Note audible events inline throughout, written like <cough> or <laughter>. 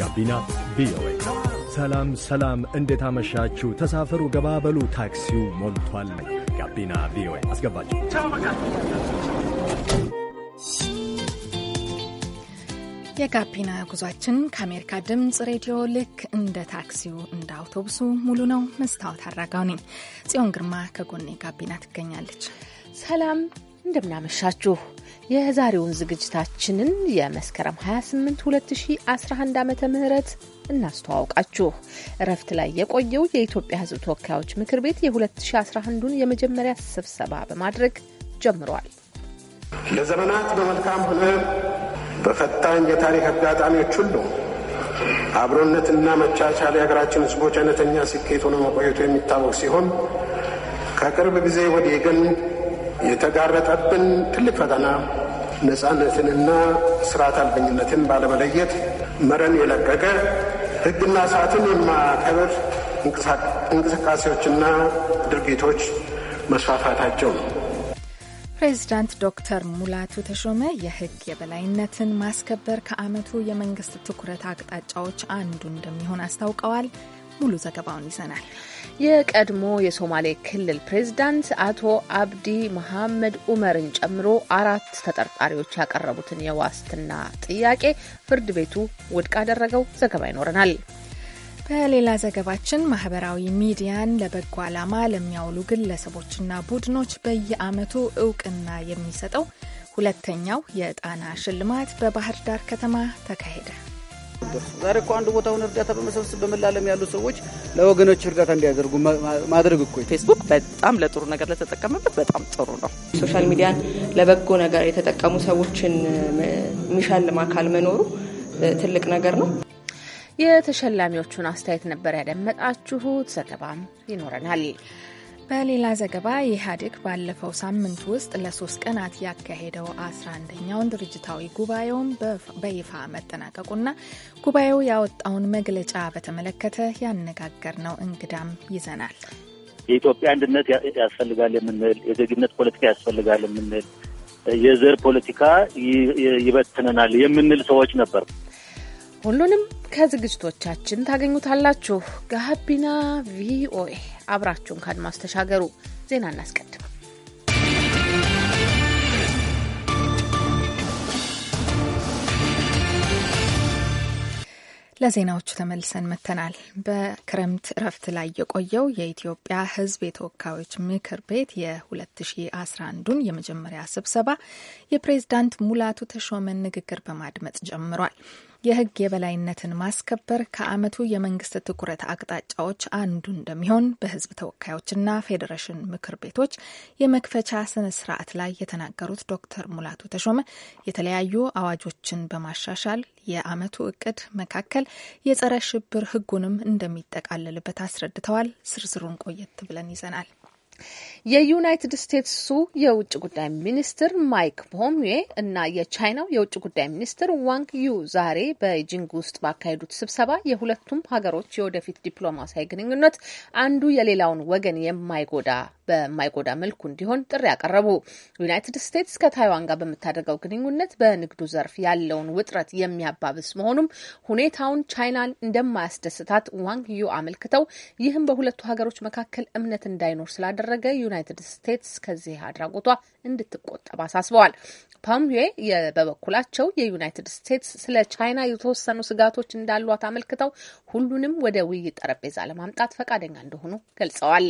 ጋቢና ቪኦኤ። ሰላም ሰላም፣ እንዴት አመሻችሁ? ተሳፈሩ፣ ገባበሉ፣ ታክሲው ሞልቷል። ጋቢና ቪኦኤ አስገባችሁ። የጋቢና ጉዟችን ከአሜሪካ ድምፅ ሬዲዮ ልክ እንደ ታክሲው እንደ አውቶቡሱ ሙሉ ነው። መስታወት አድራጋውኔ ነኝ። ጽዮን ግርማ ከጎኔ ጋቢና ትገኛለች። ሰላም፣ እንደምናመሻችሁ የዛሬውን ዝግጅታችንን የመስከረም 28 2011 ዓ ም እናስተዋውቃችሁ። እረፍት ላይ የቆየው የኢትዮጵያ ሕዝብ ተወካዮች ምክር ቤት የ2011ን የመጀመሪያ ስብሰባ በማድረግ ጀምሯል። ለዘመናት በመልካም ሆነ በፈታኝ የታሪክ አጋጣሚዎች ሁሉ አብሮነትና መቻቻል የሀገራችን ሕዝቦች አይነተኛ ስኬት ሆኖ መቆየቱ የሚታወቅ ሲሆን ከቅርብ ጊዜ ወዲህ ግን የተጋረጠብን ትልቅ ፈተና ነፃነትንና ስርዓት አልበኝነትን ባለመለየት መረን የለቀቀ ህግና ሰዓትን የማከብር እንቅስቃሴዎችና ድርጊቶች መስፋፋታቸው ነው። ፕሬዚዳንት ዶክተር ሙላቱ ተሾመ የህግ የበላይነትን ማስከበር ከዓመቱ የመንግስት ትኩረት አቅጣጫዎች አንዱ እንደሚሆን አስታውቀዋል። ሙሉ ዘገባውን ይዘናል። የቀድሞ የሶማሌ ክልል ፕሬዝዳንት አቶ አብዲ መሐመድ ኡመርን ጨምሮ አራት ተጠርጣሪዎች ያቀረቡትን የዋስትና ጥያቄ ፍርድ ቤቱ ውድቅ አደረገው። ዘገባ ይኖረናል። በሌላ ዘገባችን ማህበራዊ ሚዲያን ለበጎ ዓላማ ለሚያውሉ ግለሰቦችና ቡድኖች በየዓመቱ እውቅና የሚሰጠው ሁለተኛው የጣና ሽልማት በባህር ዳር ከተማ ተካሄደ። ዛሬ እኮ አንድ ቦታውን እርዳታ በመሰብሰብ በመላለም ያሉ ሰዎች ለወገኖች እርዳታ እንዲያደርጉ ማድረግ እኮ ፌስቡክ በጣም ለጥሩ ነገር ለተጠቀመበት በጣም ጥሩ ነው። ሶሻል ሚዲያን ለበጎ ነገር የተጠቀሙ ሰዎችን የሚሸልም አካል መኖሩ ትልቅ ነገር ነው። የተሸላሚዎቹን አስተያየት ነበር ያደመጣችሁት። ዘገባም ይኖረናል። በሌላ ዘገባ ኢህአዴግ ባለፈው ሳምንት ውስጥ ለሶስት ቀናት ያካሄደው አስራ አንደኛውን ድርጅታዊ ጉባኤውን በይፋ መጠናቀቁና ጉባኤው ያወጣውን መግለጫ በተመለከተ ያነጋገርነው እንግዳም ይዘናል። የኢትዮጵያ አንድነት ያስፈልጋል የምንል፣ የዜግነት ፖለቲካ ያስፈልጋል የምንል፣ የዘር ፖለቲካ ይበትነናል የምንል ሰዎች ነበር። ሁሉንም ከዝግጅቶቻችን ታገኙታላችሁ። ጋቢና ቪኦኤ አብራችሁን ከአድማስ ተሻገሩ። ዜና እናስቀድም። ለዜናዎቹ ተመልሰን መጥተናል። በክረምት እረፍት ላይ የቆየው የኢትዮጵያ ሕዝብ የተወካዮች ምክር ቤት የ 2011 ን የመጀመሪያ ስብሰባ የፕሬዝዳንት ሙላቱ ተሾመን ንግግር በማድመጥ ጀምሯል። የህግ የበላይነትን ማስከበር ከአመቱ የመንግስት ትኩረት አቅጣጫዎች አንዱ እንደሚሆን በህዝብ ተወካዮችና ፌዴሬሽን ምክር ቤቶች የመክፈቻ ስነ ስርዓት ላይ የተናገሩት ዶክተር ሙላቱ ተሾመ የተለያዩ አዋጆችን በማሻሻል የአመቱ እቅድ መካከል የጸረ ሽብር ህጉንም እንደሚጠቃለልበት አስረድተዋል። ዝርዝሩን ቆየት ብለን ይዘናል። የዩናይትድ ስቴትሱ የውጭ ጉዳይ ሚኒስትር ማይክ ፖምዌ እና የቻይናው የውጭ ጉዳይ ሚኒስትር ዋንግ ዩ ዛሬ በጂንግ ውስጥ ባካሄዱት ስብሰባ የሁለቱም ሀገሮች የወደፊት ዲፕሎማሲያዊ ግንኙነት አንዱ የሌላውን ወገን የማይጎዳ በማይጎዳ መልኩ እንዲሆን ጥሪ ያቀረቡ ዩናይትድ ስቴትስ ከታይዋን ጋር በምታደርገው ግንኙነት በንግዱ ዘርፍ ያለውን ውጥረት የሚያባብስ መሆኑም ሁኔታውን ቻይናን እንደማያስደስታት ዋንግ ዩ አመልክተው ይህም በሁለቱ ሀገሮች መካከል እምነት እንዳይኖር ስላደረገ ዩናይትድ ስቴትስ ከዚህ አድራጎቷ እንድትቆጠብ አሳስበዋል። ፓምዌ በበኩላቸው የዩናይትድ ስቴትስ ስለ ቻይና የተወሰኑ ስጋቶች እንዳሏት አመልክተው ሁሉንም ወደ ውይይት ጠረጴዛ ለማምጣት ፈቃደኛ እንደሆኑ ገልጸዋል።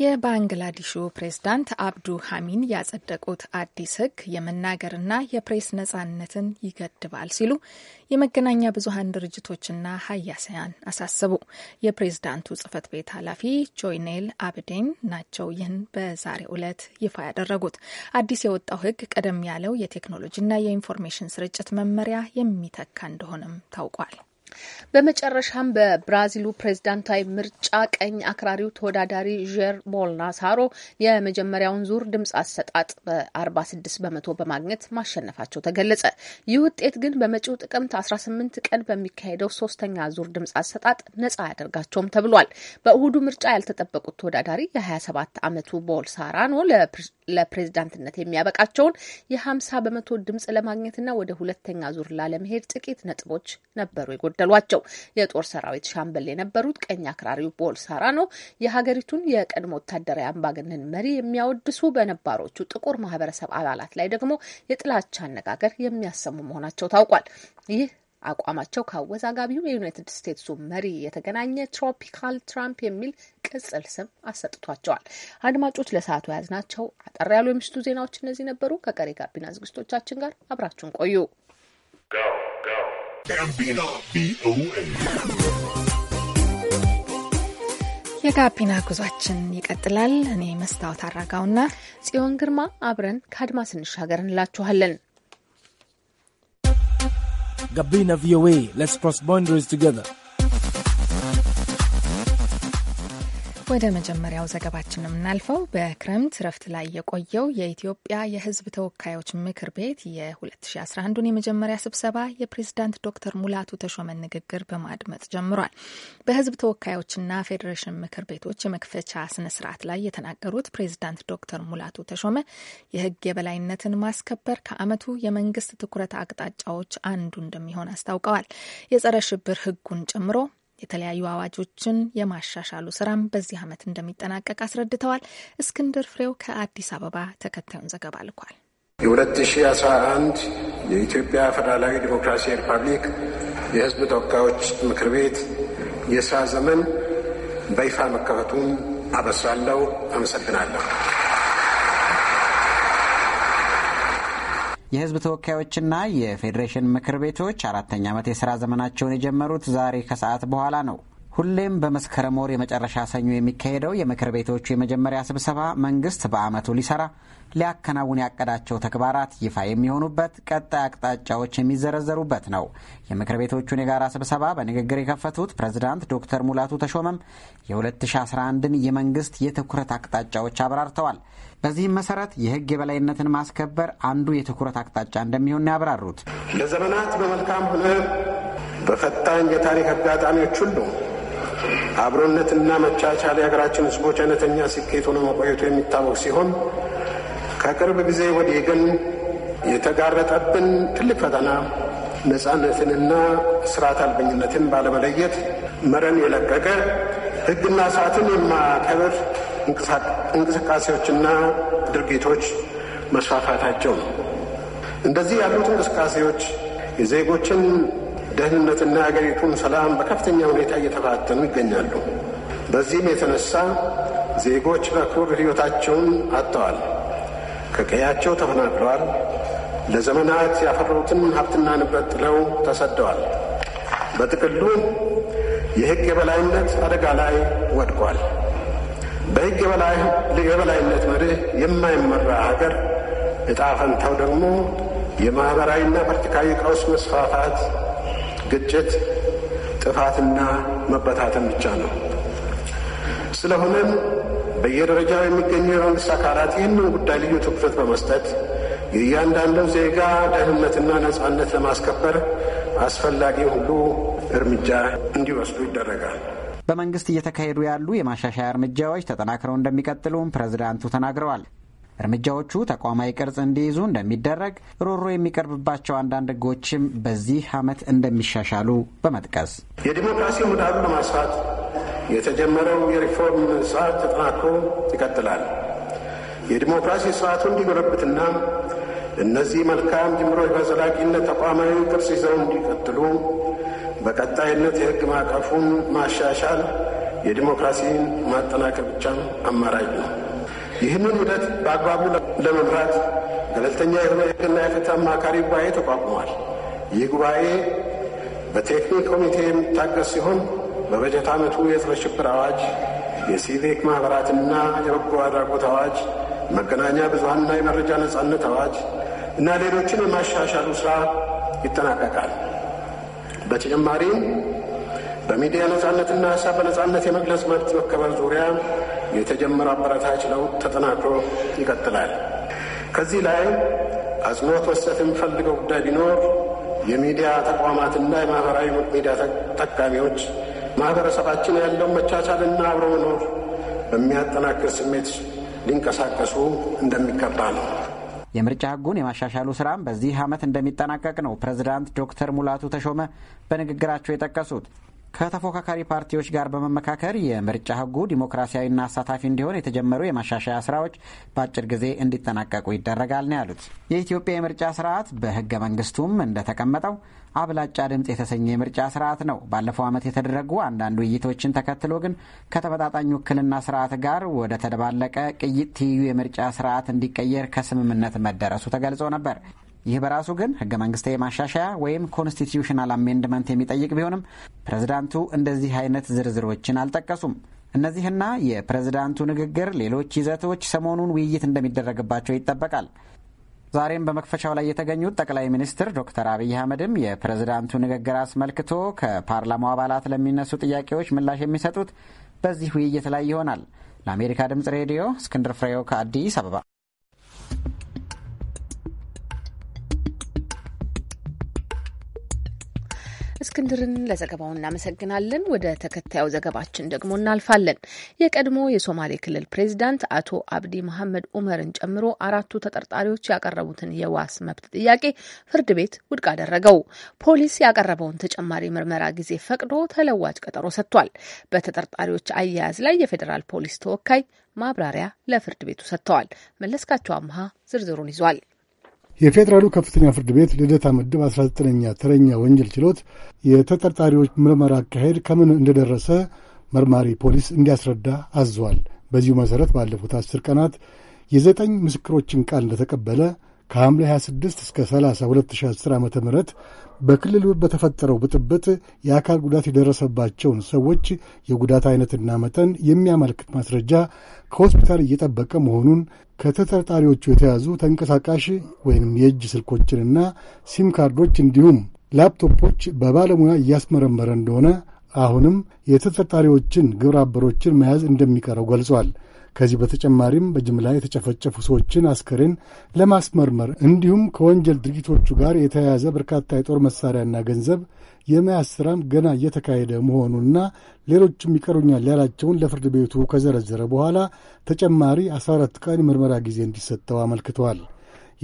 የባንግላዴሹ ፕሬዝዳንት አብዱ ሐሚን ያጸደቁት አዲስ ሕግ የመናገርና የፕሬስ ነጻነትን ይገድባል ሲሉ የመገናኛ ብዙሀን ድርጅቶችና ሀያሳያን አሳሰቡ። የፕሬዝዳንቱ ጽህፈት ቤት ኃላፊ ጆይኔል አብዴን ናቸው ይህን በዛሬ ዕለት ይፋ ያደረጉት። አዲስ የወጣው ሕግ ቀደም ያለው የቴክኖሎጂና የኢንፎርሜሽን ስርጭት መመሪያ የሚተካ እንደሆነም ታውቋል። በመጨረሻም በብራዚሉ ፕሬዝዳንታዊ ምርጫ ቀኝ አክራሪው ተወዳዳሪ ዠር ቦልናሳሮ የመጀመሪያውን ዙር ድምፅ አሰጣጥ በ46 በመቶ በማግኘት ማሸነፋቸው ተገለጸ። ይህ ውጤት ግን በመጪው ጥቅምት 18 ቀን በሚካሄደው ሶስተኛ ዙር ድምፅ አሰጣጥ ነጻ አያደርጋቸውም ተብሏል። በእሁዱ ምርጫ ያልተጠበቁት ተወዳዳሪ የ27 ዓመቱ ቦልሳራኖ ለፕሬዝዳንትነት የሚያበቃቸውን የ50 በመቶ ድምፅ ለማግኘትና ወደ ሁለተኛ ዙር ላለመሄድ ጥቂት ነጥቦች ነበሩ የጎደሉ ገደሏቸው። የጦር ሰራዊት ሻምበል የነበሩት ቀኝ አክራሪው ቦልሳራኖ የሀገሪቱን የቀድሞ ወታደራዊ አምባገነን መሪ የሚያወድሱ በነባሮቹ ጥቁር ማህበረሰብ አባላት ላይ ደግሞ የጥላቻ አነጋገር የሚያሰሙ መሆናቸው ታውቋል። ይህ አቋማቸው ከአወዛጋቢው የዩናይትድ ስቴትሱ መሪ የተገናኘ ትሮፒካል ትራምፕ የሚል ቅጽል ስም አሰጥቷቸዋል። አድማጮች ለሰዓቱ ናቸው። አጠር ያሉ የምሽቱ ዜናዎች እነዚህ ነበሩ። ከቀሪ ጋቢና ዝግጅቶቻችን ጋር አብራችሁን ቆዩ። የጋቢና ጉዟችን ይቀጥላል። እኔ መስታወት አራጋውና ጽዮን ግርማ አብረን ከአድማስ ስንሻገር እንላችኋለን። ጋቢና ቪኦኤ ሌትስ ክሮስ ቦንደሪስ ቱጌዘር ወደ መጀመሪያው ዘገባችን የምናልፈው በክረምት ረፍት ላይ የቆየው የኢትዮጵያ የሕዝብ ተወካዮች ምክር ቤት የ2011ን የመጀመሪያ ስብሰባ የፕሬዝዳንት ዶክተር ሙላቱ ተሾመን ንግግር በማድመጥ ጀምሯል። በሕዝብ ተወካዮችና ፌዴሬሽን ምክር ቤቶች የመክፈቻ ስነ ስርዓት ላይ የተናገሩት ፕሬዝዳንት ዶክተር ሙላቱ ተሾመ የሕግ የበላይነትን ማስከበር ከዓመቱ የመንግስት ትኩረት አቅጣጫዎች አንዱ እንደሚሆን አስታውቀዋል። የጸረ ሽብር ሕጉን ጨምሮ የተለያዩ አዋጆችን የማሻሻሉ ስራም በዚህ ዓመት እንደሚጠናቀቅ አስረድተዋል። እስክንድር ፍሬው ከአዲስ አበባ ተከታዩን ዘገባ ልኳል። የ2011 የኢትዮጵያ ፌዴራላዊ ዲሞክራሲያዊ ሪፐብሊክ የሕዝብ ተወካዮች ምክር ቤት የስራ ዘመን በይፋ መከፈቱን አበስራለሁ። አመሰግናለሁ። የህዝብ ተወካዮችና የፌዴሬሽን ምክር ቤቶች አራተኛ ዓመት የሥራ ዘመናቸውን የጀመሩት ዛሬ ከሰዓት በኋላ ነው። ሁሌም በመስከረም ወር የመጨረሻ ሰኞ የሚካሄደው የምክር ቤቶቹ የመጀመሪያ ስብሰባ መንግስት በዓመቱ ሊሰራ ሊያከናውን ያቀዳቸው ተግባራት ይፋ የሚሆኑበት፣ ቀጣይ አቅጣጫዎች የሚዘረዘሩበት ነው። የምክር ቤቶቹን የጋራ ስብሰባ በንግግር የከፈቱት ፕሬዝዳንት ዶክተር ሙላቱ ተሾመም የ2011ን የመንግስት የትኩረት አቅጣጫዎች አብራርተዋል። በዚህም መሰረት የህግ የበላይነትን ማስከበር አንዱ የትኩረት አቅጣጫ እንደሚሆን ያብራሩት ለዘመናት በመልካም ሆነ በፈታኝ የታሪክ አጋጣሚዎች ሁሉ አብሮነትና መቻቻል የሀገራችን ህዝቦች አይነተኛ ስኬት ሆኖ መቆየቱ የሚታወቅ ሲሆን ከቅርብ ጊዜ ወዲህ ግን የተጋረጠብን ትልቅ ፈተና ነፃነትንና ስርዓት አልበኝነትን ባለመለየት መረን የለቀቀ ህግና ስርዓትን የማያከብር እንቅስቃሴዎችና ድርጊቶች መስፋፋታቸው ነው። እንደዚህ ያሉት እንቅስቃሴዎች የዜጎችን ደህንነትና ሀገሪቱን ሰላም በከፍተኛ ሁኔታ እየተፋተኑ ይገኛሉ። በዚህም የተነሳ ዜጎች በክብር ሕይወታቸውን አጥተዋል፣ ከቀያቸው ተፈናቅለዋል፣ ለዘመናት ያፈሩትን ሀብትና ንብረት ጥለው ተሰደዋል። በጥቅሉ የሕግ የበላይነት አደጋ ላይ ወድቋል። በሕግ የበላይነት መርህ የማይመራ ሀገር ዕጣ ፈንታው ደግሞ የማኅበራዊና ፖለቲካዊ ቀውስ መስፋፋት ግጭት፣ ጥፋትና መበታተን ብቻ ነው። ስለሆነም በየደረጃው የሚገኙ የመንግስት አካላት ይህንን ጉዳይ ልዩ ትኩረት በመስጠት የእያንዳንዱ ዜጋ ደህንነትና ነጻነት ለማስከበር አስፈላጊ ሁሉ እርምጃ እንዲወስዱ ይደረጋል። በመንግስት እየተካሄዱ ያሉ የማሻሻያ እርምጃዎች ተጠናክረው እንደሚቀጥሉም ፕሬዝዳንቱ ተናግረዋል። እርምጃዎቹ ተቋማዊ ቅርጽ እንዲይዙ እንደሚደረግ ሮሮ የሚቀርብባቸው አንዳንድ ሕጎችም በዚህ ዓመት እንደሚሻሻሉ በመጥቀስ የዲሞክራሲ ምህዳሩን ለማስፋት የተጀመረው የሪፎርም ስርዓት ተጠናክሮ ይቀጥላል። የዲሞክራሲ ስርዓቱ እንዲጎለብትና እነዚህ መልካም ጅምሮች በዘላቂነት ተቋማዊ ቅርጽ ይዘው እንዲቀጥሉ በቀጣይነት የህግ ማዕቀፉን ማሻሻል የዲሞክራሲን ማጠናከር ብቻ አማራጭ ነው። ይህንን ሂደት በአግባቡ ለመምራት ገለልተኛ የሆነ የህግና የፍትህ አማካሪ ጉባኤ ተቋቁሟል። ይህ ጉባኤ በቴክኒክ ኮሚቴ የሚታገዝ ሲሆን በበጀት ዓመቱ የጸረ ሽብር አዋጅ፣ የሲቪክ ማኅበራትና የበጎ አድራጎት አዋጅ፣ መገናኛ ብዙሀንና የመረጃ ነጻነት አዋጅ እና ሌሎችን የማሻሻሉ ሥራ ይጠናቀቃል። በተጨማሪም በሚዲያ ነጻነትና ሀሳብ በነጻነት የመግለጽ መብት መከበር ዙሪያ የተጀመረ አበረታች ለውጥ ተጠናክሮ ይቀጥላል። ከዚህ ላይ አጽንኦት መስጠት የሚፈልገው ጉዳይ ቢኖር የሚዲያ ተቋማትና የማህበራዊ ሚዲያ ተጠቃሚዎች ማህበረሰባችን ያለው መቻቻልና አብሮ መኖር በሚያጠናክር ስሜት ሊንቀሳቀሱ እንደሚገባ ነው። የምርጫ ህጉን የማሻሻሉ ስራም በዚህ ዓመት እንደሚጠናቀቅ ነው ፕሬዝዳንት ዶክተር ሙላቱ ተሾመ በንግግራቸው የጠቀሱት። ከተፎካካሪ ፓርቲዎች ጋር በመመካከር የምርጫ ህጉ ዲሞክራሲያዊና አሳታፊ እንዲሆን የተጀመሩ የማሻሻያ ስራዎች በአጭር ጊዜ እንዲጠናቀቁ ይደረጋል ነው ያሉት። የኢትዮጵያ የምርጫ ስርዓት በህገ መንግስቱም እንደተቀመጠው አብላጫ ድምፅ የተሰኘ የምርጫ ስርዓት ነው። ባለፈው ዓመት የተደረጉ አንዳንድ ውይይቶችን ተከትሎ ግን ከተመጣጣኝ ውክልና ስርዓት ጋር ወደ ተደባለቀ ቅይጥ ትይዩ የምርጫ ስርዓት እንዲቀየር ከስምምነት መደረሱ ተገልጾ ነበር። ይህ በራሱ ግን ህገ መንግስታዊ ማሻሻያ ወይም ኮንስቲትዩሽናል አሜንድመንት የሚጠይቅ ቢሆንም ፕሬዝዳንቱ እንደዚህ አይነት ዝርዝሮችን አልጠቀሱም። እነዚህና የፕሬዝዳንቱ ንግግር ሌሎች ይዘቶች ሰሞኑን ውይይት እንደሚደረግባቸው ይጠበቃል። ዛሬም በመክፈቻው ላይ የተገኙት ጠቅላይ ሚኒስትር ዶክተር አብይ አህመድም የፕሬዝዳንቱ ንግግር አስመልክቶ ከፓርላማው አባላት ለሚነሱ ጥያቄዎች ምላሽ የሚሰጡት በዚህ ውይይት ላይ ይሆናል። ለአሜሪካ ድምጽ ሬዲዮ እስክንድር ፍሬው ከአዲስ አበባ እስክንድርን ለዘገባው እናመሰግናለን። ወደ ተከታዩ ዘገባችን ደግሞ እናልፋለን። የቀድሞ የሶማሌ ክልል ፕሬዚዳንት አቶ አብዲ መሐመድ ኡመርን ጨምሮ አራቱ ተጠርጣሪዎች ያቀረቡትን የዋስ መብት ጥያቄ ፍርድ ቤት ውድቅ አደረገው። ፖሊስ ያቀረበውን ተጨማሪ ምርመራ ጊዜ ፈቅዶ ተለዋጭ ቀጠሮ ሰጥቷል። በተጠርጣሪዎች አያያዝ ላይ የፌዴራል ፖሊስ ተወካይ ማብራሪያ ለፍርድ ቤቱ ሰጥተዋል። መለስካቸው አምሃ ዝርዝሩን ይዟል። የፌዴራሉ ከፍተኛ ፍርድ ቤት ልደታ ምድብ 19ኛ ተረኛ ወንጀል ችሎት የተጠርጣሪዎች ምርመራ አካሄድ ከምን እንደደረሰ መርማሪ ፖሊስ እንዲያስረዳ አዟል። በዚሁ መሠረት ባለፉት አስር ቀናት የዘጠኝ ምስክሮችን ቃል እንደተቀበለ ከሐምሌ 26 እስከ 30 2010 ዓ ም በክልሉ በተፈጠረው ብጥብጥ የአካል ጉዳት የደረሰባቸውን ሰዎች የጉዳት አይነትና መጠን የሚያመልክት ማስረጃ ከሆስፒታል እየጠበቀ መሆኑን ከተጠርጣሪዎቹ የተያዙ ተንቀሳቃሽ ወይም የእጅ ስልኮችንና ሲም ካርዶች እንዲሁም ላፕቶፖች በባለሙያ እያስመረመረ እንደሆነ አሁንም የተጠርጣሪዎችን ግብረ አበሮችን መያዝ እንደሚቀረው ገልጿል። ከዚህ በተጨማሪም በጅምላ የተጨፈጨፉ ሰዎችን አስከሬን ለማስመርመር እንዲሁም ከወንጀል ድርጊቶቹ ጋር የተያያዘ በርካታ የጦር መሳሪያና ገንዘብ የመያዝ ስራም ገና እየተካሄደ መሆኑና ሌሎችም ይቀሩኛል ያላቸውን ለፍርድ ቤቱ ከዘረዘረ በኋላ ተጨማሪ 14 ቀን ምርመራ ጊዜ እንዲሰጠው አመልክተዋል።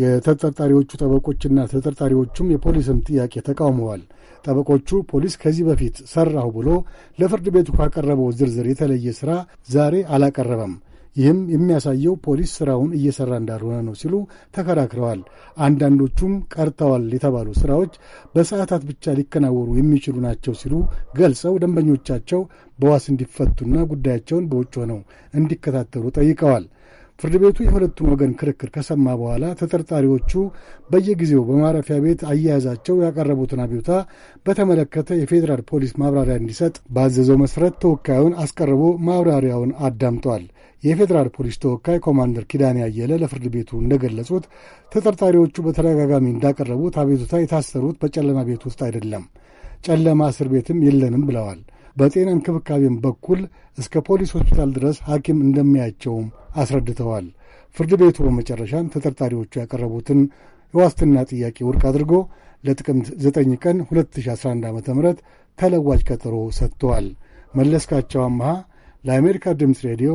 የተጠርጣሪዎቹ ጠበቆችና ተጠርጣሪዎቹም የፖሊስን ጥያቄ ተቃውመዋል። ጠበቆቹ ፖሊስ ከዚህ በፊት ሠራሁ ብሎ ለፍርድ ቤቱ ካቀረበው ዝርዝር የተለየ ሥራ ዛሬ አላቀረበም ይህም የሚያሳየው ፖሊስ ስራውን እየሰራ እንዳልሆነ ነው ሲሉ ተከራክረዋል። አንዳንዶቹም ቀርተዋል የተባሉ ስራዎች በሰዓታት ብቻ ሊከናወሩ የሚችሉ ናቸው ሲሉ ገልጸው ደንበኞቻቸው በዋስ እንዲፈቱና ጉዳያቸውን በውጭ ሆነው እንዲከታተሉ ጠይቀዋል። ፍርድ ቤቱ የሁለቱን ወገን ክርክር ከሰማ በኋላ ተጠርጣሪዎቹ በየጊዜው በማረፊያ ቤት አያያዛቸው ያቀረቡትን አቤቱታ በተመለከተ የፌዴራል ፖሊስ ማብራሪያ እንዲሰጥ ባዘዘው መሠረት ተወካዩን አስቀርቦ ማብራሪያውን አዳምጧል። የፌዴራል ፖሊስ ተወካይ ኮማንደር ኪዳኔ አየለ ለፍርድ ቤቱ እንደገለጹት ተጠርጣሪዎቹ በተደጋጋሚ እንዳቀረቡት አቤቱታ የታሰሩት በጨለማ ቤት ውስጥ አይደለም፣ ጨለማ እስር ቤትም የለንም ብለዋል። በጤና እንክብካቤም በኩል እስከ ፖሊስ ሆስፒታል ድረስ ሐኪም እንደሚያቸውም አስረድተዋል። ፍርድ ቤቱ በመጨረሻም ተጠርጣሪዎቹ ያቀረቡትን የዋስትና ጥያቄ ውድቅ አድርጎ ለጥቅምት 9 ቀን 2011 ዓ ም ተለዋጅ ቀጠሮ ሰጥተዋል። መለስካቸው አመሃ ለአሜሪካ ድምፅ ሬዲዮ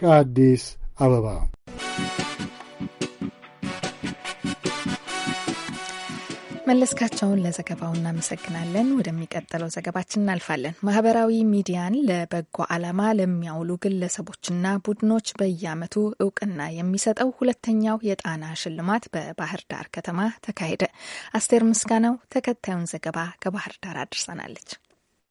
ከአዲስ አበባ መለስካቸውን ለዘገባው እናመሰግናለን። ወደሚቀጥለው ዘገባችን እናልፋለን። ማህበራዊ ሚዲያን ለበጎ ዓላማ ለሚያውሉ ግለሰቦችና ቡድኖች በየዓመቱ እውቅና የሚሰጠው ሁለተኛው የጣና ሽልማት በባህር ዳር ከተማ ተካሄደ። አስቴር ምስጋናው ተከታዩን ዘገባ ከባህር ዳር አድርሰናለች።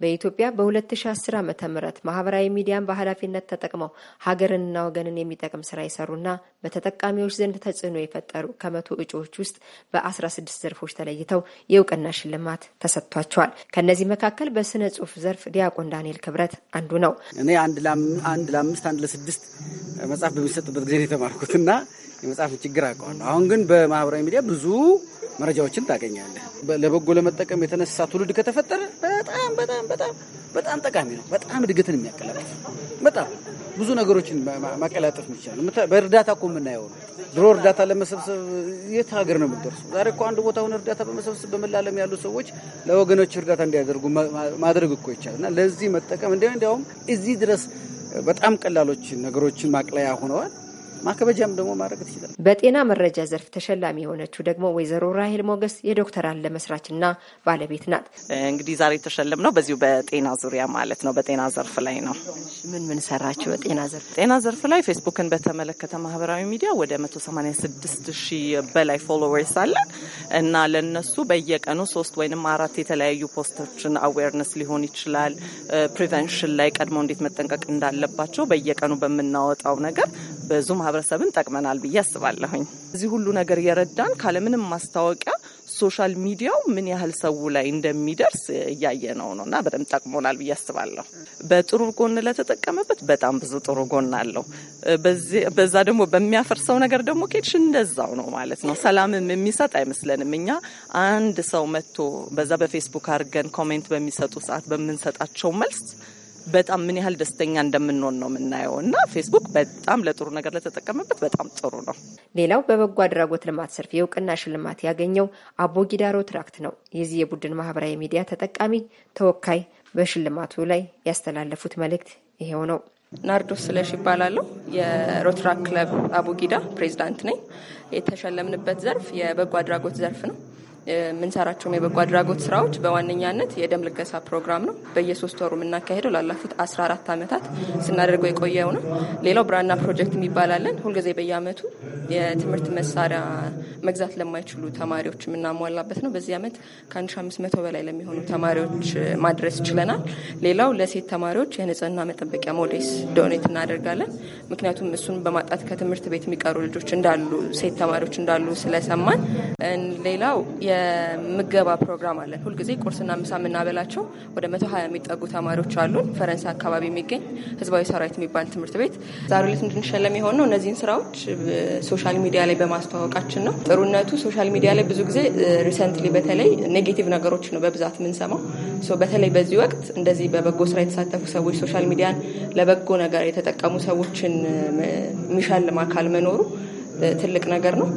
በኢትዮጵያ በ2010 ዓ ም ማህበራዊ ሚዲያን በኃላፊነት ተጠቅመው ሀገርንና ወገንን የሚጠቅም ስራ የሰሩና በተጠቃሚዎች ዘንድ ተጽዕኖ የፈጠሩ ከመቶ እጩዎች ውስጥ በ16 ዘርፎች ተለይተው የእውቅና ሽልማት ተሰጥቷቸዋል። ከእነዚህ መካከል በስነ ጽሁፍ ዘርፍ ዲያቆን ዳንኤል ክብረት አንዱ ነው። እኔ አንድ ለአምስት አንድ ለስድስት መጽሐፍ በሚሰጥበት ጊዜ የተማርኩትና የመጽሐፍን ችግር አውቀዋለሁ። አሁን ግን በማህበራዊ ሚዲያ ብዙ መረጃዎችን ታገኛለህ። ለበጎ ለመጠቀም የተነሳ ትውልድ ከተፈጠረ በጣም በጣም በጣም በጣም ጠቃሚ ነው። በጣም እድገትን የሚያቀላጥፍ በጣም ብዙ ነገሮችን ማቀላጠፍ ይችላል። በእርዳታ እኮ የምናየው ነው። ድሮ እርዳታ ለመሰብሰብ የት ሀገር ነው የምትደርሰው? ዛሬ እኮ አንድ ቦታ ሆነ እርዳታ በመሰብሰብ በመላለም ያሉ ሰዎች ለወገኖች እርዳታ እንዲያደርጉ ማድረግ እኮ ይቻላል። እና ለዚህ መጠቀም እንዲያውም እዚህ ድረስ በጣም ቀላሎች ነገሮችን ማቅለያ ሆነዋል። ማክበጃም ደግሞ ማድረግ ትችላል። በጤና መረጃ ዘርፍ ተሸላሚ የሆነችው ደግሞ ወይዘሮ ራሄል ሞገስ የዶክተር አለ ባለቤት ናት። እንግዲህ ዛሬ የተሸለም ነው በዚሁ በጤና ዙሪያ ማለት ነው። በጤና ዘርፍ ላይ ነው። ምን ምን ሰራችሁ? በጤና ዘርፍ ጤና ዘርፍ ላይ ፌስቡክን በተመለከተ ማህበራዊ ሚዲያ ወደ 186 ሺህ በላይ ፎሎወርስ አለ እና ለነሱ በየቀኑ ሶስት ወይም አራት የተለያዩ ፖስቶችን አዌርነስ ሊሆን ይችላል፣ ፕሪቨንሽን ላይ ቀድሞ እንዴት መጠንቀቅ እንዳለባቸው በየቀኑ በምናወጣው ነገር ብዙ ማህበረሰብን ጠቅመናል ብዬ አስባለሁኝ። እዚህ ሁሉ ነገር የረዳን ካለምንም ማስታወቂያ ሶሻል ሚዲያው ምን ያህል ሰው ላይ እንደሚደርስ እያየ ነው ነው እና በደንብ ጠቅሞናል ብዬ አስባለሁ። በጥሩ ጎን ለተጠቀመበት በጣም ብዙ ጥሩ ጎን አለው። በዛ ደግሞ በሚያፈርሰው ነገር ደግሞ ኬድሽ እንደዛው ነው ማለት ነው። ሰላምም የሚሰጥ አይመስለንም እኛ አንድ ሰው መጥቶ በዛ በፌስቡክ አድርገን ኮሜንት በሚሰጡ ሰዓት በምንሰጣቸው መልስ በጣም ምን ያህል ደስተኛ እንደምንሆን ነው የምናየው እና ፌስቡክ በጣም ለጥሩ ነገር ለተጠቀመበት በጣም ጥሩ ነው። ሌላው በበጎ አድራጎት ልማት ሰርፍ የእውቅና ሽልማት ያገኘው አቦጊዳሮ ትራክት ነው። የዚህ የቡድን ማህበራዊ ሚዲያ ተጠቃሚ ተወካይ በሽልማቱ ላይ ያስተላለፉት መልእክት ይሄው ነው። ናርዶስ ስለሽ ይባላለሁ። የሮትራክ ክለብ አቡጊዳ ፕሬዚዳንት ነኝ። የተሸለምንበት ዘርፍ የበጎ አድራጎት ዘርፍ ነው። የምንሰራቸውም የበጎ አድራጎት ስራዎች በዋነኛነት የደም ልገሳ ፕሮግራም ነው። በየሶስት ወሩ የምናካሄደው ላለፉት አራት ዓመታት ስናደርገው የቆየው ነው። ሌላው ብራና ፕሮጀክት የሚባላለን ሁልጊዜ በየአመቱ የትምህርት መሳሪያ መግዛት ለማይችሉ ተማሪዎች የምናሟላበት ነው። በዚህ አመት ከአንድ ሺ አምስት መቶ በላይ ለሚሆኑ ተማሪዎች ማድረስ ችለናል። ሌላው ለሴት ተማሪዎች የንጽህና መጠበቂያ ሞዴስ ዶኔት እናደርጋለን። ምክንያቱም እሱን በማጣት ከትምህርት ቤት የሚቀሩ ልጆች እንዳሉ ሴት ተማሪዎች እንዳሉ ስለሰማን ሌላው የምገባ ፕሮግራም አለን። ሁልጊዜ ቁርስና ምሳ የምናበላቸው ወደ መቶ ሀያ የሚጠጉ ተማሪዎች አሉ። ፈረንሳይ አካባቢ የሚገኝ ህዝባዊ ሰራዊት የሚባል ትምህርት ቤት ዛሬ ሌት እንድንሸለም የሆን ነው። እነዚህን ስራዎች ሶሻል ሚዲያ ላይ በማስተዋወቃችን ነው። ጥሩነቱ ሶሻል ሚዲያ ላይ ብዙ ጊዜ ሪሰንትሊ በተለይ ኔጌቲቭ ነገሮች ነው በብዛት የምንሰማው። በተለይ በዚህ ወቅት እንደዚህ በበጎ ስራ የተሳተፉ ሰዎች ሶሻል ሚዲያን ለበጎ ነገር የተጠቀሙ ሰዎችን የሚሸልም አካል መኖሩ ትልቅ ነገር ነው።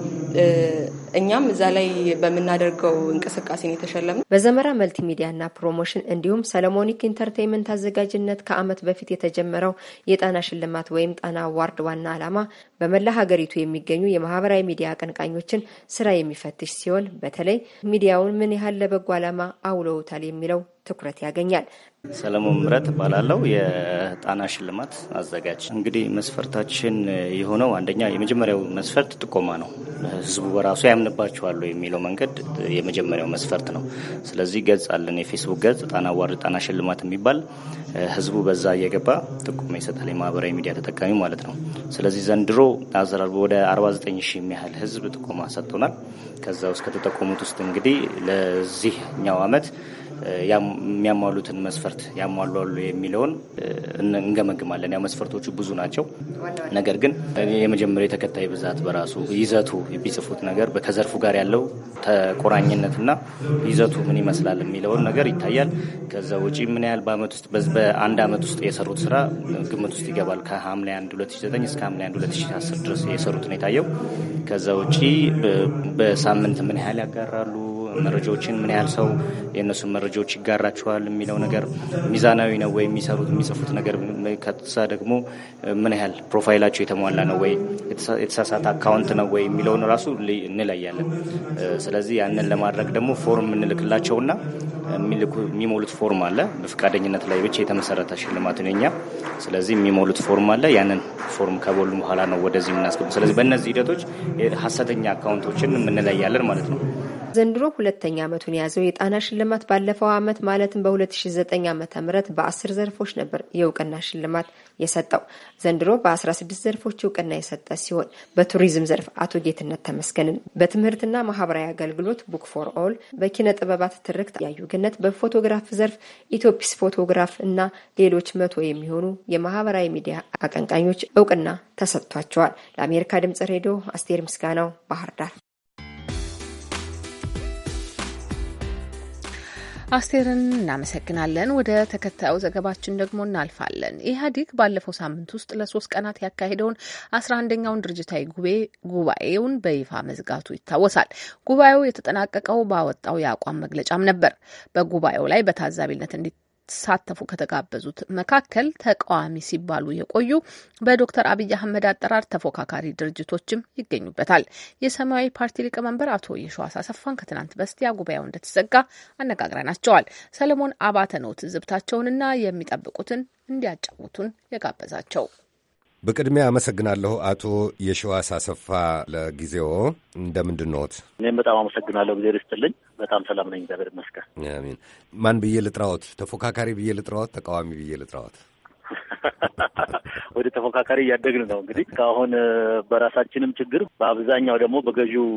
እኛም እዛ ላይ በምናደርገው እንቅስቃሴ ነው በዘመራ መልቲ ሚዲያና ፕሮሞሽን እንዲሁም ሰለሞኒክ ኢንተርቴይንመንት አዘጋጅነት ከዓመት በፊት የተጀመረው የጣና ሽልማት ወይም ጣና አዋርድ ዋና ዓላማ በመላ ሀገሪቱ የሚገኙ የማህበራዊ ሚዲያ አቀንቃኞችን ስራ የሚፈትሽ ሲሆን በተለይ ሚዲያውን ምን ያህል ለበጎ ዓላማ አውለውታል የሚለው ትኩረት ያገኛል። ሰለሞን ምረት እባላለሁ። የጣና ሽልማት አዘጋጅ። እንግዲህ መስፈርታችን የሆነው አንደኛ የመጀመሪያው መስፈርት ጥቆማ ነው። ህዝቡ በራሱ ያምንባቸዋሉ የሚለው መንገድ የመጀመሪያው መስፈርት ነው። ስለዚህ ገጽ አለን፣ የፌስቡክ ገጽ ጣና ዋር ጣና ሽልማት የሚባል ህዝቡ በዛ እየገባ ጥቆማ ይሰጣል፣ የማህበራዊ ሚዲያ ተጠቃሚ ማለት ነው። ስለዚህ ዘንድሮ አዘራርቦ ወደ 49 ሺህ የሚያህል ህዝብ ጥቆማ ሰጥቶናል። ከዛ ውስጥ ከተጠቆሙት ውስጥ እንግዲህ ለዚህኛው አመት የሚያሟሉትን መስፈርት መስፈርት ያሟላሉ የሚለውን እንገመግማለን። ያው መስፈርቶቹ ብዙ ናቸው። ነገር ግን የመጀመሪያ የተከታይ ብዛት በራሱ ይዘቱ የሚጽፉት ነገር ከዘርፉ ጋር ያለው ተቆራኝነትና ይዘቱ ምን ይመስላል የሚለውን ነገር ይታያል። ከዛ ውጪ ምን ያህል በአመት ውስጥ በአንድ አመት ውስጥ የሰሩት ስራ ግምት ውስጥ ይገባል። ከሐምሌ 1 2009 እስከ ሐምሌ 1 2010 ድረስ የሰሩት ነው የታየው። ከዛ ውጪ በሳምንት ምን ያህል ያጋራሉ መረጃዎችን ምን ያህል ሰው የእነሱን መረጃዎች ይጋራቸዋል የሚለው ነገር ሚዛናዊ ነው ወይ፣ የሚሰሩት የሚጽፉት ነገር ከተሳ ደግሞ ምን ያህል ፕሮፋይላቸው የተሟላ ነው ወይ፣ የተሳሳተ አካውንት ነው ወይ የሚለውን ራሱ እንለያለን። ስለዚህ ያንን ለማድረግ ደግሞ ፎርም እንልክላቸውና የሚሞሉት ፎርም አለ። በፈቃደኝነት ላይ ብቻ የተመሰረተ ሽልማት ነው ስለዚህ የሚሞሉት ፎርም አለ። ያንን ፎርም ከበሉ በኋላ ነው ወደዚህ የምናስገቡ። ስለዚህ በእነዚህ ሂደቶች ሀሰተኛ አካውንቶችን የምንለያለን ማለት ነው። ዘንድሮ ሁለተኛ ዓመቱን የያዘው የጣና ሽልማት ባለፈው ዓመት ማለትም በ2009 ዓ ም በ10 ዘርፎች ነበር የእውቅና ሽልማት የሰጠው። ዘንድሮ በ16 ዘርፎች እውቅና የሰጠ ሲሆን በቱሪዝም ዘርፍ አቶ ጌትነት ተመስገንን፣ በትምህርትና ማህበራዊ አገልግሎት ቡክ ፎር ኦል፣ በኪነ ጥበባት ትርክት ያዩ ግነት፣ በፎቶግራፍ ዘርፍ ኢትዮፒስ ፎቶግራፍ እና ሌሎች መቶ የሚሆኑ የማህበራዊ ሚዲያ አቀንቃኞች እውቅና ተሰጥቷቸዋል። ለአሜሪካ ድምጽ ሬዲዮ አስቴር ምስጋናው ባህር ዳር። አስቴርን እናመሰግናለን። ወደ ተከታዩ ዘገባችን ደግሞ እናልፋለን። ኢህአዲግ ባለፈው ሳምንት ውስጥ ለሶስት ቀናት ያካሄደውን አስራ አንደኛውን ድርጅታዊ ጉባኤውን በይፋ መዝጋቱ ይታወሳል። ጉባኤው የተጠናቀቀው ባወጣው የአቋም መግለጫም ነበር። በጉባኤው ላይ በታዛቢነት እንዲ እንዲሳተፉ ከተጋበዙት መካከል ተቃዋሚ ሲባሉ የቆዩ በዶክተር አብይ አህመድ አጠራር ተፎካካሪ ድርጅቶችም ይገኙበታል። የሰማያዊ ፓርቲ ሊቀመንበር አቶ የሸዋስ አሰፋን ከትናንት በስቲያ ጉባኤው እንደተዘጋ አነጋግረናቸዋል። ሰለሞን አባተ ነው ትዝብታቸውንና የሚጠብቁትን እንዲያጫውቱን የጋበዛቸው። በቅድሚያ አመሰግናለሁ አቶ የሸዋስ አሰፋ ለጊዜዎ። እንደምንድንኖት? እኔም በጣም አመሰግናለሁ። ጊዜ ርስጥልኝ። በጣም ሰላም ነኝ፣ እግዚአብሔር ይመስገን። አሜን። ማን ብዬ ልጥራዎት? ተፎካካሪ ብዬ ልጥራዎት? ተቃዋሚ ብዬ ልጥራዎት? <laughs> ወደ ተፎካካሪ እያደግን ነው እንግዲህ። ከአሁን በራሳችንም ችግር፣ በአብዛኛው ደግሞ በገዢው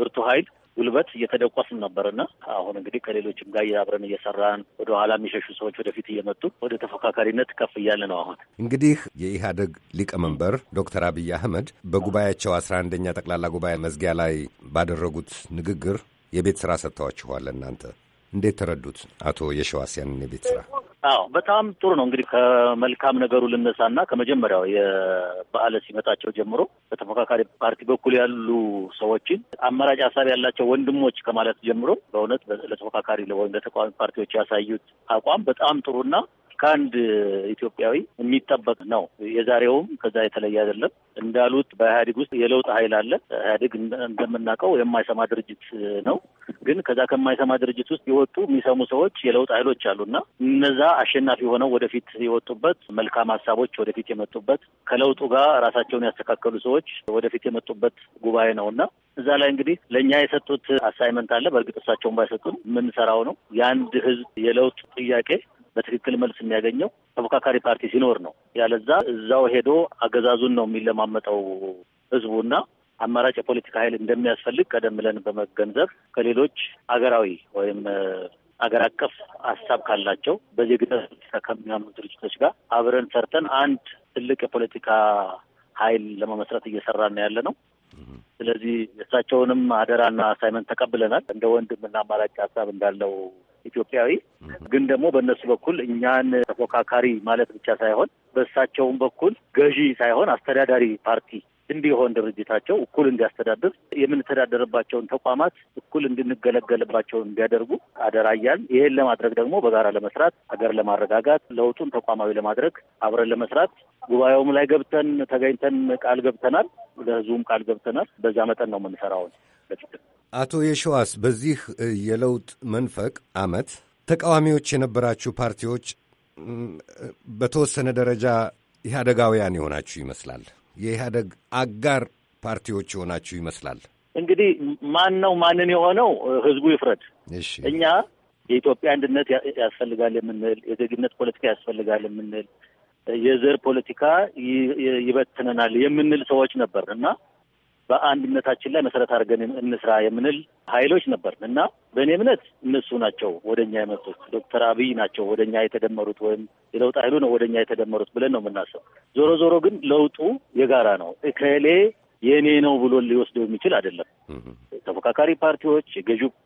ብርቱ ኃይል ጉልበት እየተደቆስን ነበርና አሁን እንግዲህ ከሌሎችም ጋር አብረን እየሰራን ወደ ኋላ የሚሸሹ ሰዎች ወደፊት እየመጡ ወደ ተፎካካሪነት ከፍ እያለ ነው። አሁን እንግዲህ የኢህአደግ ሊቀመንበር ዶክተር አብይ አህመድ በጉባኤያቸው አስራ አንደኛ ጠቅላላ ጉባኤ መዝጊያ ላይ ባደረጉት ንግግር የቤት ስራ ሰጥተዋችኋል። እናንተ እንዴት ተረዱት? አቶ የሸዋስ ያንን የቤት ስራ አዎ በጣም ጥሩ ነው። እንግዲህ ከመልካም ነገሩ ልነሳና ከመጀመሪያው የበዓለ ሲመጣቸው ጀምሮ በተፎካካሪ ፓርቲ በኩል ያሉ ሰዎችን አማራጭ ሀሳብ ያላቸው ወንድሞች ከማለት ጀምሮ በእውነት ለተፎካካሪ ወይም ለተቃዋሚ ፓርቲዎች ያሳዩት አቋም በጣም ጥሩና ከአንድ ኢትዮጵያዊ የሚጠበቅ ነው። የዛሬውም ከዛ የተለየ አይደለም። እንዳሉት በኢህአዴግ ውስጥ የለውጥ ኃይል አለ። ኢህአዴግ እንደምናውቀው የማይሰማ ድርጅት ነው። ግን ከዛ ከማይሰማ ድርጅት ውስጥ የወጡ የሚሰሙ ሰዎች የለውጥ ኃይሎች አሉና እነዛ አሸናፊ ሆነው ወደፊት የወጡበት መልካም ሀሳቦች ወደፊት የመጡበት ከለውጡ ጋር ራሳቸውን ያስተካከሉ ሰዎች ወደፊት የመጡበት ጉባኤ ነው እና እዛ ላይ እንግዲህ ለእኛ የሰጡት አሳይመንት አለ። በእርግጥ እሳቸውን ባይሰጡም የምንሰራው ነው የአንድ ህዝብ የለውጥ ጥያቄ በትክክል መልስ የሚያገኘው ተፎካካሪ ፓርቲ ሲኖር ነው። ያለዛ እዛው ሄዶ አገዛዙን ነው የሚለማመጠው ህዝቡና አማራጭ የፖለቲካ ኃይል እንደሚያስፈልግ ቀደም ብለን በመገንዘብ ከሌሎች አገራዊ ወይም አገር አቀፍ ሀሳብ ካላቸው በዜግነት ከሚያምኑ ድርጅቶች ጋር አብረን ሰርተን አንድ ትልቅ የፖለቲካ ኃይል ለመመስረት እየሰራን ነው ያለ ነው። ስለዚህ እሳቸውንም አደራና አሳይመንት ተቀብለናል። እንደ ወንድምና አማራጭ ሀሳብ እንዳለው ኢትዮጵያዊ ግን ደግሞ በእነሱ በኩል እኛን ተፎካካሪ ማለት ብቻ ሳይሆን በእሳቸውም በኩል ገዢ ሳይሆን አስተዳዳሪ ፓርቲ እንዲሆን ድርጅታቸው እኩል እንዲያስተዳድር የምንተዳደርባቸውን ተቋማት እኩል እንድንገለገልባቸው እንዲያደርጉ አደራያል። ይህን ለማድረግ ደግሞ በጋራ ለመስራት ሀገር ለማረጋጋት ለውጡን ተቋማዊ ለማድረግ አብረን ለመስራት ጉባኤውም ላይ ገብተን ተገኝተን ቃል ገብተናል። ለህዝቡም ቃል ገብተናል። በዛ መጠን ነው የምንሰራውን አቶ የሸዋስ በዚህ የለውጥ መንፈቅ ዓመት ተቃዋሚዎች የነበራችሁ ፓርቲዎች በተወሰነ ደረጃ ኢህአደጋውያን የሆናችሁ ይመስላል። የኢህአደግ አጋር ፓርቲዎች የሆናችሁ ይመስላል። እንግዲህ ማን ነው ማንን የሆነው? ህዝቡ ይፍረድ። እኛ የኢትዮጵያ አንድነት ያስፈልጋል የምንል፣ የዜግነት ፖለቲካ ያስፈልጋል የምንል፣ የዘር ፖለቲካ ይበትነናል የምንል ሰዎች ነበር እና በአንድነታችን ላይ መሰረት አድርገን እንስራ የምንል ኃይሎች ነበር እና በእኔ እምነት እነሱ ናቸው ወደኛ የመጡት። ዶክተር አብይ ናቸው ወደኛ የተደመሩት፣ ወይም የለውጥ ኃይሉ ነው ወደኛ የተደመሩት ብለን ነው የምናስብ። ዞሮ ዞሮ ግን ለውጡ የጋራ ነው። እከሌ የእኔ ነው ብሎ ሊወስደው የሚችል አይደለም። ተፎካካሪ ፓርቲዎች፣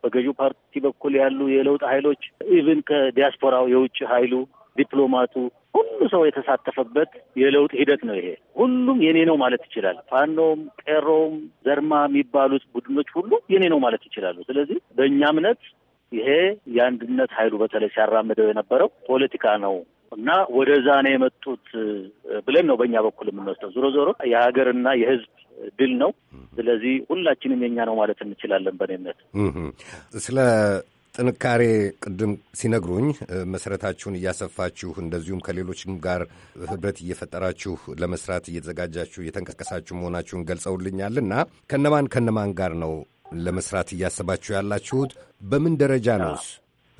በገዢው ፓርቲ በኩል ያሉ የለውጥ ኃይሎች፣ ኢቭን ከዲያስፖራው የውጭ ኃይሉ ዲፕሎማቱ ሁሉ ሰው የተሳተፈበት የለውጥ ሂደት ነው። ይሄ ሁሉም የኔ ነው ማለት ይችላል። ፋኖም፣ ቄሮም፣ ዘርማ የሚባሉት ቡድኖች ሁሉ የኔ ነው ማለት ይችላሉ። ስለዚህ በእኛ እምነት ይሄ የአንድነት ኃይሉ በተለይ ሲያራምደው የነበረው ፖለቲካ ነው እና ወደዛ ነው የመጡት ብለን ነው በእኛ በኩል የምንወስደው። ዞሮ ዞሮ የሀገርና የህዝብ ድል ነው። ስለዚህ ሁላችንም የኛ ነው ማለት እንችላለን። በእኔ እምነት ስለ ጥንካሬ ቅድም ሲነግሩኝ መሰረታችሁን እያሰፋችሁ እንደዚሁም ከሌሎችም ጋር ህብረት እየፈጠራችሁ ለመስራት እየተዘጋጃችሁ እየተንቀሳቀሳችሁ መሆናችሁን ገልጸውልኛል እና ከነማን ከነማን ጋር ነው ለመስራት እያሰባችሁ ያላችሁት? በምን ደረጃ ነውስ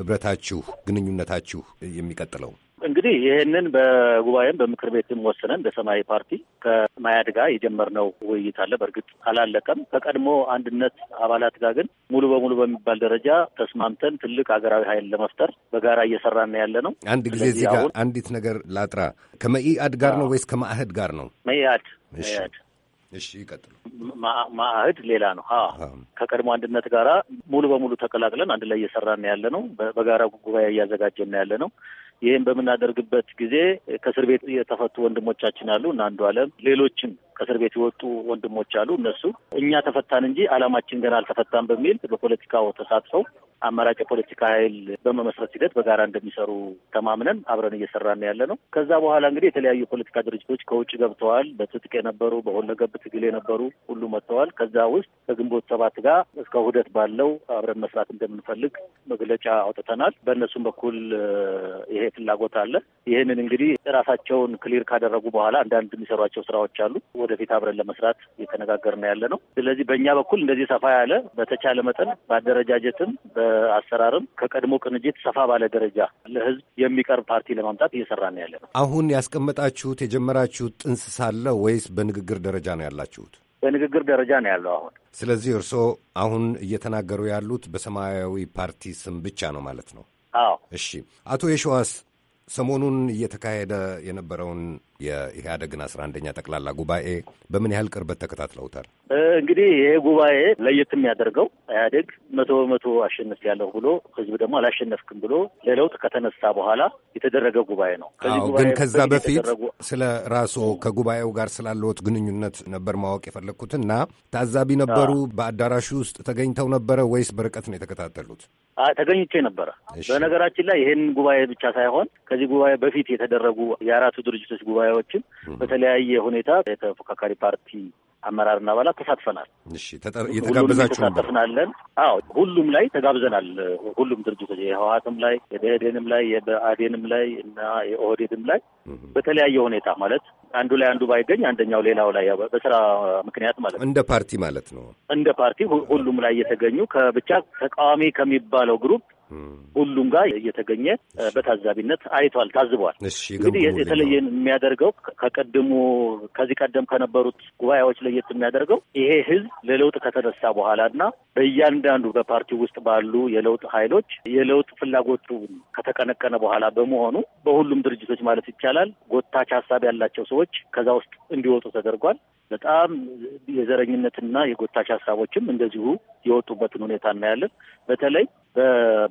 ህብረታችሁ፣ ግንኙነታችሁ የሚቀጥለው? እንግዲህ ይህንን በጉባኤም በምክር ቤትም ወስነን በሰማያዊ ፓርቲ ከማያድ ጋር የጀመርነው ውይይት አለ። በእርግጥ አላለቀም። ከቀድሞ አንድነት አባላት ጋር ግን ሙሉ በሙሉ በሚባል ደረጃ ተስማምተን ትልቅ ሀገራዊ ኃይል ለመፍጠር በጋራ እየሰራን ያለ ነው። አንድ ጊዜ እዚህ ጋር አንዲት ነገር ላጥራ። ከመኢአድ ጋር ነው ወይስ ከማአህድ ጋር ነው? መኢአድ መኢአድ እሺ ይቀጥሉ። ማአህድ ሌላ ነው። ከቀድሞ አንድነት ጋራ ሙሉ በሙሉ ተቀላቅለን አንድ ላይ እየሰራን ያለ ነው። በጋራ ጉባኤ እያዘጋጀን ያለ ነው። ይህን በምናደርግበት ጊዜ ከእስር ቤት የተፈቱ ወንድሞቻችን አሉ እና አንዱ አለም ሌሎችም ከእስር ቤት የወጡ ወንድሞች አሉ። እነሱ እኛ ተፈታን እንጂ አላማችን ገና አልተፈታም በሚል በፖለቲካው ተሳትፈው አማራጭ የፖለቲካ ኃይል በመመስረት ሂደት በጋራ እንደሚሰሩ ተማምነን አብረን እየሰራን ያለ ነው። ከዛ በኋላ እንግዲህ የተለያዩ የፖለቲካ ድርጅቶች ከውጭ ገብተዋል። በትጥቅ የነበሩ በሁለገብ ትግል የነበሩ ሁሉ መጥተዋል። ከዛ ውስጥ ከግንቦት ሰባት ጋር እስከ ውህደት ባለው አብረን መስራት እንደምንፈልግ መግለጫ አውጥተናል። በእነሱም በኩል ይሄ ፍላጎት አለ። ይህንን እንግዲህ ራሳቸውን ክሊር ካደረጉ በኋላ አንዳንድ የሚሰሯቸው ስራዎች አሉ። ወደፊት አብረን ለመስራት እየተነጋገርን ያለ ነው። ስለዚህ በእኛ በኩል እንደዚህ ሰፋ ያለ በተቻለ መጠን በአደረጃጀትም በ አሰራርም ከቀድሞ ቅንጅት ሰፋ ባለ ደረጃ ለህዝብ የሚቀርብ ፓርቲ ለማምጣት እየሰራ ነው ያለ ነው። አሁን ያስቀመጣችሁት የጀመራችሁት ጥንስ ሳለ ወይስ በንግግር ደረጃ ነው ያላችሁት? በንግግር ደረጃ ነው ያለው አሁን። ስለዚህ እርስዎ አሁን እየተናገሩ ያሉት በሰማያዊ ፓርቲ ስም ብቻ ነው ማለት ነው? አዎ። እሺ፣ አቶ የሸዋስ ሰሞኑን እየተካሄደ የነበረውን የኢህአደግን አስራ አንደኛ ጠቅላላ ጉባኤ በምን ያህል ቅርበት ተከታትለውታል? እንግዲህ ይሄ ጉባኤ ለየት የሚያደርገው ኢህአደግ መቶ በመቶ አሸነፍ ያለሁ ብሎ ህዝብ ደግሞ አላሸነፍክም ብሎ ለለውጥ ከተነሳ በኋላ የተደረገ ጉባኤ ነው። አዎ፣ ግን ከዛ በፊት ስለ ራስዎ ከጉባኤው ጋር ስላለዎት ግንኙነት ነበር ማወቅ የፈለግኩት እና ታዛቢ ነበሩ? በአዳራሹ ውስጥ ተገኝተው ነበረ ወይስ በርቀት ነው የተከታተሉት? ተገኝቼ ነበረ። በነገራችን ላይ ይህን ጉባኤ ብቻ ሳይሆን ከዚህ ጉባኤ በፊት የተደረጉ የአራቱ ድርጅቶች ጉባኤ ጉባኤዎችም በተለያየ ሁኔታ የተፎካካሪ ፓርቲ አመራርና አባላት ተሳትፈናል። የተጋበዛችሁ ተሳተፍናለን። አዎ ሁሉም ላይ ተጋብዘናል። ሁሉም ድርጅቶች የህወሀትም ላይ የደህዴንም ላይ የበአዴንም ላይ እና የኦህዴድም ላይ በተለያየ ሁኔታ ማለት አንዱ ላይ አንዱ ባይገኝ አንደኛው ሌላው ላይ በስራ ምክንያት ማለት እንደ ፓርቲ ማለት ነው። እንደ ፓርቲ ሁሉም ላይ እየተገኙ ከብቻ ተቃዋሚ ከሚባለው ግሩፕ ሁሉም ጋር እየተገኘ በታዛቢነት አይቷል፣ ታዝቧል። እንግዲህ የተለየ የሚያደርገው ከቀድሞ ከዚህ ቀደም ከነበሩት ጉባኤዎች ለየት የሚያደርገው ይሄ ህዝብ ለለውጥ ከተነሳ በኋላ እና በእያንዳንዱ በፓርቲ ውስጥ ባሉ የለውጥ ኃይሎች የለውጥ ፍላጎቱ ከተቀነቀነ በኋላ በመሆኑ በሁሉም ድርጅቶች ማለት ይቻላል ጎታች ሀሳብ ያላቸው ሰዎች ከዛ ውስጥ እንዲወጡ ተደርጓል። በጣም የዘረኝነትና የጎታች ሀሳቦችም እንደዚሁ የወጡበትን ሁኔታ እናያለን። በተለይ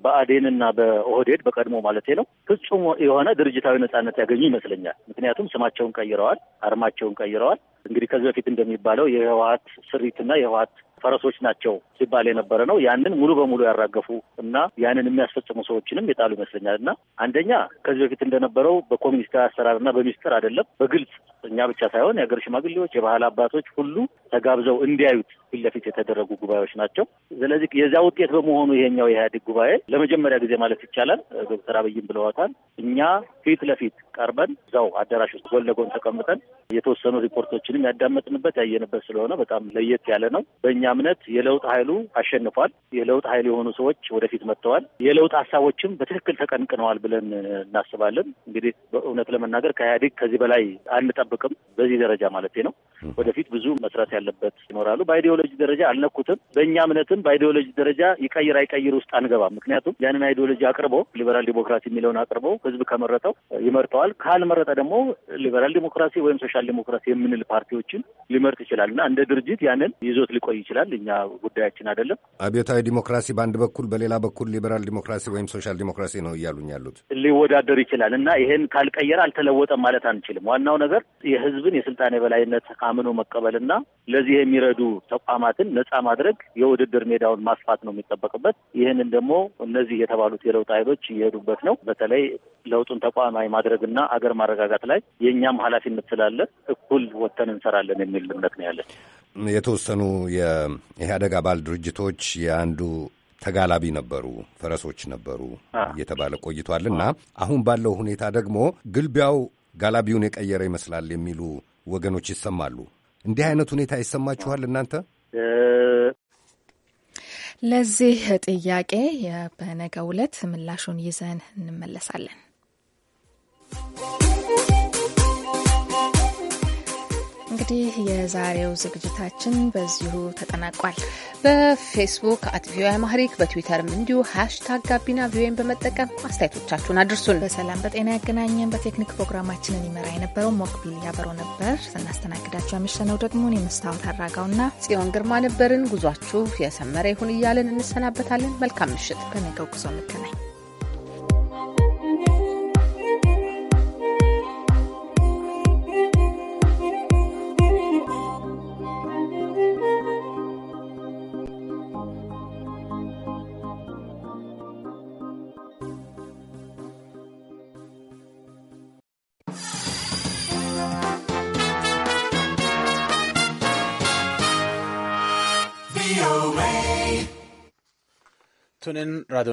በአዴንና በኦህዴድ በቀድሞ ማለት ነው ፍጹም የሆነ ድርጅታዊ ነጻነት ያገኙ ይመስለኛል። ምክንያቱም ስማቸውን ቀይረዋል፣ አርማቸውን ቀይረዋል። እንግዲህ ከዚህ በፊት እንደሚባለው የህወሀት ስሪትና የህወሀት ፈረሶች ናቸው ሲባል የነበረ ነው። ያንን ሙሉ በሙሉ ያራገፉ እና ያንን የሚያስፈጽሙ ሰዎችንም የጣሉ ይመስለኛል እና አንደኛ ከዚህ በፊት እንደነበረው በኮሚኒስት አሰራር እና በሚስጥር አይደለም፣ በግልጽ እኛ ብቻ ሳይሆን የሀገር ሽማግሌዎች፣ የባህል አባቶች ሁሉ ተጋብዘው እንዲያዩት ፊት ለፊት የተደረጉ ጉባኤዎች ናቸው። ስለዚህ የዚያ ውጤት በመሆኑ ይሄኛው የኢህአዴግ ጉባኤ ለመጀመሪያ ጊዜ ማለት ይቻላል ዶክተር አብይም ብለዋታል። እኛ ፊት ለፊት ቀርበን እዛው አዳራሽ ውስጥ ጎን ለጎን ተቀምጠን የተወሰኑ ሪፖርቶችንም ያዳመጥንበት ያየንበት ስለሆነ በጣም ለየት ያለ ነው። በእኛ እምነት የለውጥ ኃይሉ አሸንፏል። የለውጥ ኃይል የሆኑ ሰዎች ወደፊት መጥተዋል። የለውጥ ሀሳቦችም በትክክል ተቀንቅነዋል ብለን እናስባለን። እንግዲህ በእውነት ለመናገር ከኢህአዴግ ከዚህ በላይ አንጠብቅም። በዚህ ደረጃ ማለት ነው። ወደፊት ብዙ መስራት ያለበት ይኖራሉ። በአይዲዮሎጂ ደረጃ አልነኩትም። በእኛ እምነትም በአይዲዮሎጂ ደረጃ ይቀይር አይቀይር ውስጥ አንገባም። ምክንያቱም ያንን አይዲዮሎጂ አቅርቦ ሊበራል ዲሞክራሲ የሚለውን አቅርቦ ህዝብ ከመረጠው ይመርጠዋል፣ ካልመረጠ ደግሞ ሊበራል ዲሞክራሲ ወይም ሶሻል ዲሞክራሲ የምንል ፓርቲዎችን ሊመርጥ ይችላል እና እንደ ድርጅት ያንን ይዞት ሊቆይ ይችላል። እኛ ጉዳያችን አይደለም። አብዮታዊ ዲሞክራሲ በአንድ በኩል በሌላ በኩል ሊበራል ዲሞክራሲ ወይም ሶሻል ዲሞክራሲ ነው እያሉኝ ያሉት ሊወዳደር ይችላል እና ይሄን ካልቀየረ አልተለወጠም ማለት አንችልም። ዋናው ነገር የህዝብን የስልጣን የበላይነት አምኖ መቀበልና ለዚህ የሚረዱ ተቋማትን ነፃ ማድረግ የውድድር ሜዳውን ማስፋት ነው የሚጠበቅበት። ይህንን ደግሞ እነዚህ የተባሉት የለውጥ ኃይሎች እየሄዱበት ነው። በተለይ ለውጡን ተቋማዊ ማድረግና አገር ማረጋጋት ላይ የእኛም ኃላፊነት ስላለ እኩል ወጥተን እንሰራለን የሚል እምነት ነው ያለን። የተወሰኑ የኢህአደግ አባል ድርጅቶች የአንዱ ተጋላቢ ነበሩ፣ ፈረሶች ነበሩ እየተባለ ቆይቷል እና አሁን ባለው ሁኔታ ደግሞ ግልቢያው ጋላቢውን የቀየረ ይመስላል የሚሉ ወገኖች ይሰማሉ። እንዲህ አይነት ሁኔታ ይሰማችኋል እናንተ? ለዚህ ጥያቄ በነገው ዕለት ምላሹን ይዘን እንመለሳለን። እንግዲህ የዛሬው ዝግጅታችን በዚሁ ተጠናቋል። በፌስቡክ አት ቪኦኤ አማሪክ በትዊተርም እንዲሁ ሃሽታግ ጋቢና ቪኦኤን በመጠቀም አስተያየቶቻችሁን አድርሱን። በሰላም በጤና ያገናኘን። በቴክኒክ ፕሮግራማችንን ይመራ የነበረው ሞክቢል ያበረው ነበር። ስናስተናግዳችሁ ያመሸነው ደግሞ የመስታወት አራጋውና ጽዮን ግርማ ነበርን። ጉዟችሁ የሰመረ ይሁን እያለን እንሰናበታለን። መልካም ምሽት። በነገው ጉዞ እንገናኝ። kunnen. Radio